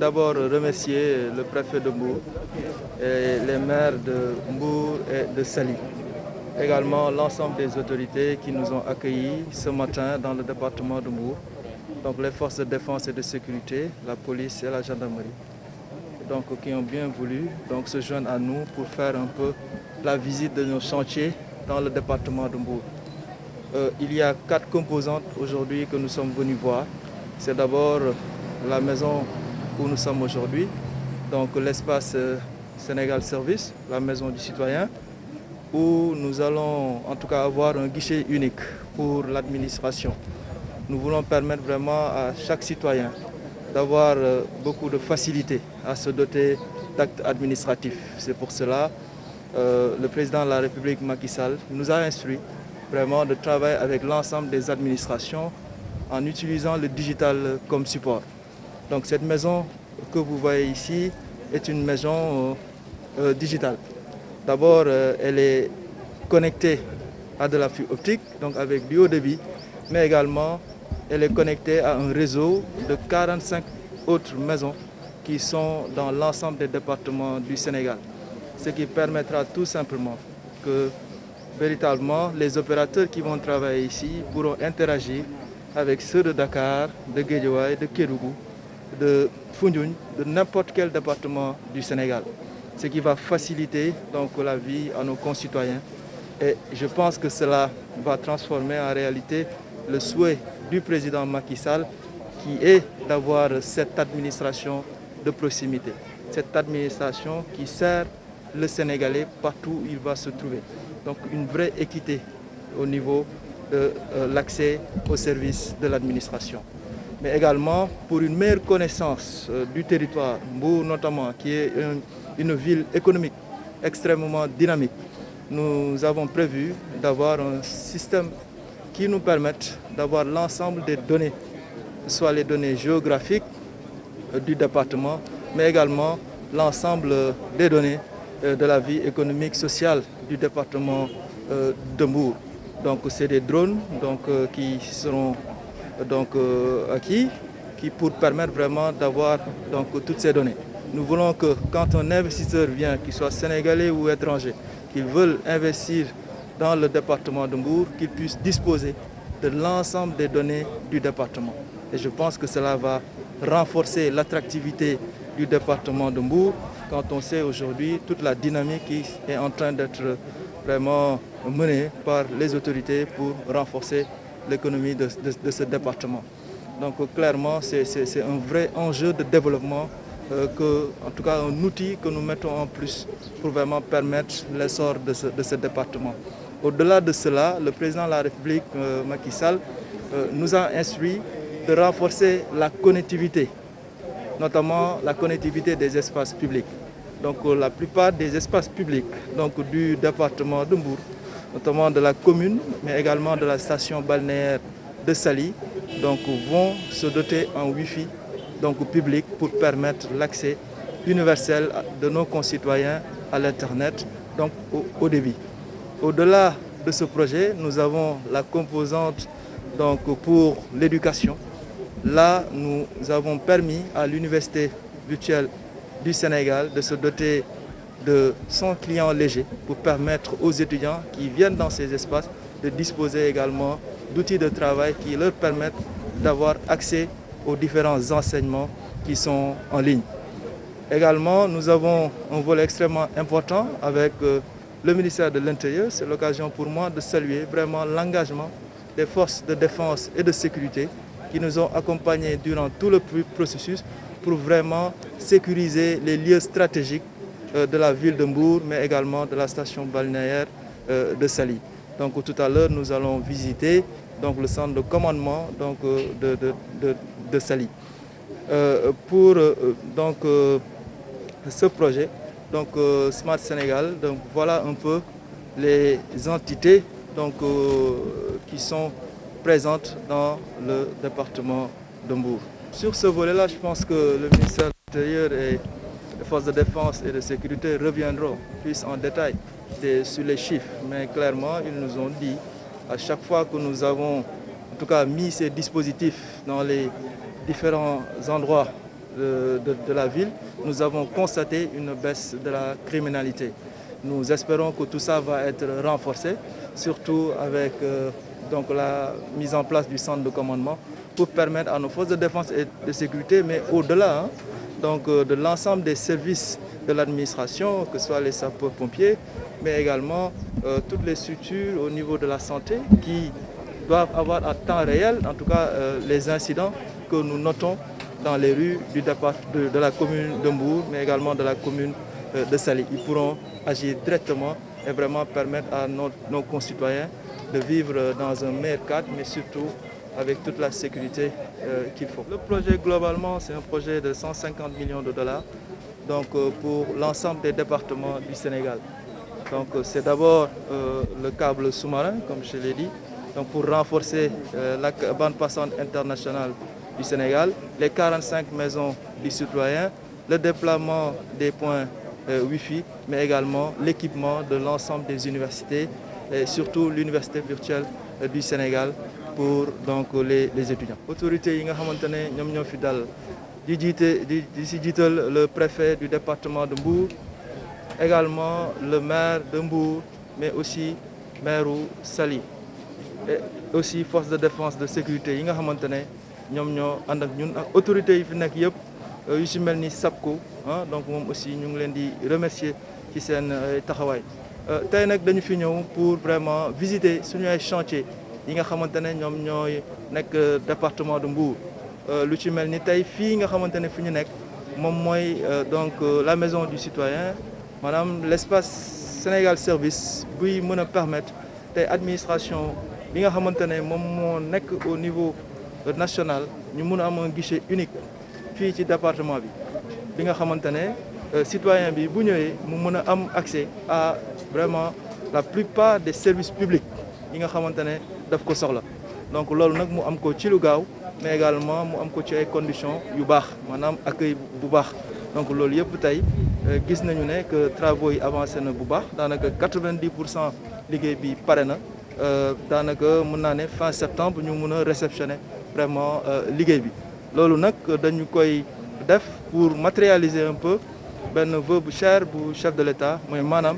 d'abord remercier le préfet de Mbour et les maires de Mbour et de Sali. Également l'ensemble des autorités qui nous ont accueillis ce matin dans le département de Mbour. donc les forces de défense et de sécurité, la police et la gendarmerie, donc qui ont bien voulu donc, se joindre à nous pour faire un peu la visite de nos chantiers dans le département de Mbour. Euh, il y a quatre composantes aujourd'hui que nous sommes venus voir. C'est d'abord la maison où nous sommes aujourd'hui. Donc l'espace euh, Sénégal Service, la maison du citoyen, où nous allons en tout cas avoir un guichet unique pour l'administration. Nous voulons permettre vraiment à chaque citoyen d'avoir euh, beaucoup de facilité à se doter d'actes administratifs. C'est pour cela que euh, le président de la République Macky Sall nous a instruit vraiment de travailler avec l'ensemble des administrations en utilisant le digital comme support. Donc cette maison que vous voyez ici est une maison euh, euh, digitale. D'abord, euh, elle est connectée à de la fibre optique, donc avec du haut débit, mais également elle est connectée à un réseau de 45 autres maisons qui sont dans l'ensemble des départements du Sénégal. Ce qui permettra tout simplement que véritablement les opérateurs qui vont travailler ici pourront interagir avec ceux de Dakar, de et de Kérougou, de Foundiougne, de n'importe quel département du Sénégal, ce qui va faciliter donc, la vie à nos concitoyens. Et je pense que cela va transformer en réalité le souhait du président Macky Sall qui est d'avoir cette administration de proximité, cette administration qui sert le Sénégalais partout où il va se trouver. Donc une vraie équité au niveau de euh, l'accès aux services de l'administration mais également pour une meilleure connaissance euh, du territoire, Mbou notamment, qui est une, ville économique extrêmement dynamique. Nous avons prévu d'avoir un système qui nous permette d'avoir l'ensemble des données, soit les données géographiques euh, du département, mais également l'ensemble euh, des données de la vie économique, sociale du département de Mbou. Donc c'est des drones donc, qui seront donc, euh, acquis qui pour permettre vraiment d'avoir toutes ces données. Nous voulons que quand un investisseur vient, qu'il soit sénégalais ou étranger, qu'il veuille investir dans le département de qu'il puisse disposer de l'ensemble des données du département. Et je pense que cela va renforcer l'attractivité du département de quand on sait aujourd'hui toute la dynamique qui est en train d'être vraiment menée par les autorités pour renforcer l'économie de, ce département. Donc clairement, c'est un vrai enjeu de développement, euh, que, en tout cas un outil que nous mettons en plus pour vraiment permettre l'essor de, ce, département. Au-delà de cela, le président de la République, euh, Macky Sall, euh, nous a instruit de renforcer la connectivité, notamment la connectivité des espaces publics. Donc la plupart des espaces publics donc, du département de notamment de la commune, mais également de la station balnéaire de Sali, donc vont se doter en Wi-Fi donc, public pour permettre l'accès universel de nos concitoyens à l'Internet, donc au, débit. Au-delà de ce projet, nous avons la composante donc, pour l'éducation. Là, nous avons permis à l'Université virtuelle du Sénégal de se doter de 100 clients légers pour permettre aux étudiants qui viennent dans ces espaces de disposer également d'outils de travail qui leur permettent d'avoir accès aux différents enseignements qui sont en ligne. Également, nous avons un volet extrêmement important avec euh, le ministère de l'Intérieur. C'est l'occasion pour moi de saluer vraiment l'engagement des forces de défense et de sécurité qui nous ont accompagnés durant tout le processus pour vraiment sécuriser les lieux stratégiques euh, de la ville de mais également de la station balnéaire euh, de Sali. Donc tout à l'heure, nous allons visiter donc, le centre de commandement donc, euh, de, de, Sali. pour donc, ce projet, donc, Smart Sénégal, donc, voilà un peu les entités donc, qui sont présentes dans le département de Sur ce volet-là, je pense que le ministère de l'Intérieur est les forces de défense et de sécurité reviendront plus en détail sur les chiffres. Mais clairement, ils nous ont dit, à chaque fois que nous avons en tout cas mis ces dispositifs dans les différents endroits de, la ville, nous avons constaté une baisse de la criminalité. Nous espérons que tout ça va être renforcé, surtout avec euh, donc la mise en place du centre de commandement pour permettre à nos forces de défense et de sécurité, mais au-delà, hein, donc, euh, de l'ensemble des services de l'administration, que ce soit les sapeurs-pompiers, mais également euh, toutes les structures au niveau de la santé qui doivent avoir à temps réel, en tout cas euh, les incidents que nous notons dans les rues du départ de, la commune de Mbourg, mais également de la commune de Sali. Ils pourront agir directement et vraiment permettre à nos, nos concitoyens de vivre dans un meilleur cadre, mais surtout avec toute la sécurité euh, qu'il faut. Le projet globalement, c'est un projet de 150 millions de dollars donc, euh, pour l'ensemble des départements du Sénégal. Donc euh, c'est d'abord le câble sous-marin, comme je l'ai dit, donc pour renforcer la bande passante internationale du Sénégal, les 45 maisons du citoyen, le déploiement des points Wi-Fi, mais également l'équipement de l'ensemble des universités et surtout l'université virtuelle du Sénégal pour donc les les étudiants. Autorité yi nga xamante le préfet du département de Mbour également le maire de Mbour mais aussi maire Sali, et aussi force de défense de sécurité yi nga xamante ne ñoo ànd ak ñun ak autorités euh, hein, donc aussi ñu ngi di remercier ci seen euh, taxawaay euh, pour vraiment visiter ce chantier yi nga xamante ne ñoom ñooy département de Mbour euh, lu ci mel ni tey fii nga xamante ne fi ñu nekk moom euh, donc euh, la maison du citoyen Madame l'espace Sénégal service buy mën a permettre tey administration bi nga xamante ne moom moo au niveau national ñu mën a am un guichet unique fii ci département bi bi nga xamante ne citoyen bi bu ñëwee mu am accès à vraiment la plupart des services publics yi nga xamante ne daf ko soxla donc loolu nag mu am ko ci lu gaaw mais également mu am ko ci ay conditions yu baax maanaam accueil bu baax donc loolu yëpp tey euh, gis nañu ne que travaux yi avancé na bu baax daanaka quatre-vingt-dix pour cent liggéey bi pare na euh, daanaka mën naa fin septembre ñu mun a vraiment euh, liggéey bi loolu nag dañu koy def pour matérialiser un peu ben vœu bu cher bu chef de l'État mais maanaam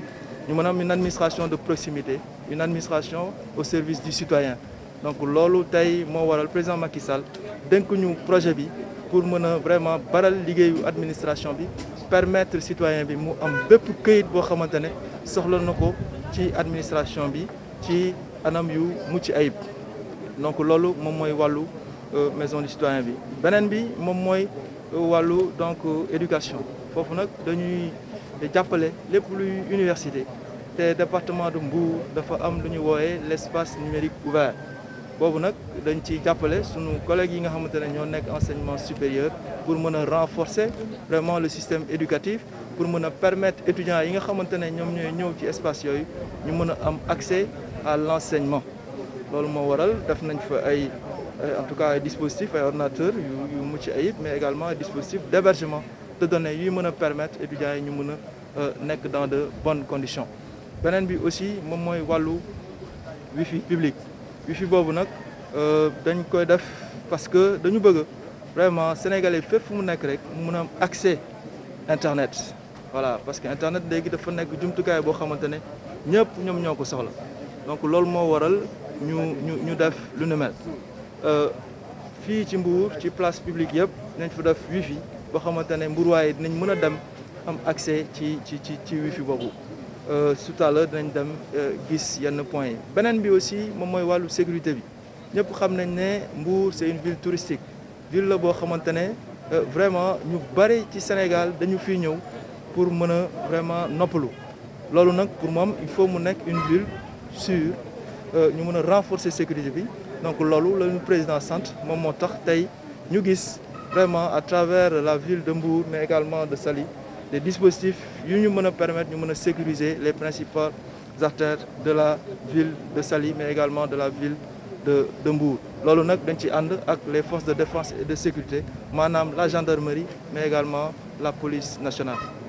ñu mën a une administration de proximité une administration au service du citoyen donc lolo tey moo le président Macky Sall dénk ñu projet bi pour vraiment baral l'administration, administration bi permettre citoyen bi mu am un peu boo xamante ne soxla na ko ci administration bi ci anam yu mucc ayib donc lolu mom moy walu euh, maison du citoyen bi Benen bi mom moy euh, walu donc euh, éducation fofu nak dañuy jappalé lépp luy université le département de Mbou, dafa am lu l'espace numérique ouvert Nous avons dañ nos collègues yi nga enseignement supérieur pour renforcer vraiment le système éducatif pour permettre aux permettre étudiants yi nga xamante espace yooyu accès à l'enseignement. enseignement loolu moo waral def nañ fa euh, en tout cas dispositif ordinateur, ordinateurs mais également un dispositifs d'hébergement pour de données permettre étudiants nous ñu euh, dans de bonnes conditions benen bi aussi mom moy walu wifi public wifi nak euh dañ koy def parce que dañu bëgg vraiment sénégalais fépp fu mu nek rek mu a accès internet voilà parce que internet léegi dafa nek jumtukaay boo xamante ne ñëpp ñoom ñoo soxla donc lool mo waral ñu ñu ñu def lu ñu mel euh, fi ci Mbour ci place publique yépp nañ fa def wifi bo xamantene ne mbuurwaay dinañ mëna a dem am accès ci ci ci wifi bobu euh, tout à l'heure dañ dem euh, gis yenn point benen bi aussi mom moy walu sécurité bi ñep xam nañ né Mbour c'est une ville touristique ville la bo xamante euh, vraiment ñu bari ci Sénégal dañu fi ñëw pour mëna vraiment noppalu lolu nak pour mom il faut mu nek une ville sûre ñu mëna renforcer sécurité bi donc lolu le président sant mom moo tax tey ñu gis vraiment à travers la ville de Mbour mais également de Saly des dispositifs qui ñu permettent sécuriser les principaux acteurs de la ville de Sali, mais également de la ville de Mbou. Mbour les forces de défense et de sécurité la gendarmerie mais également la police nationale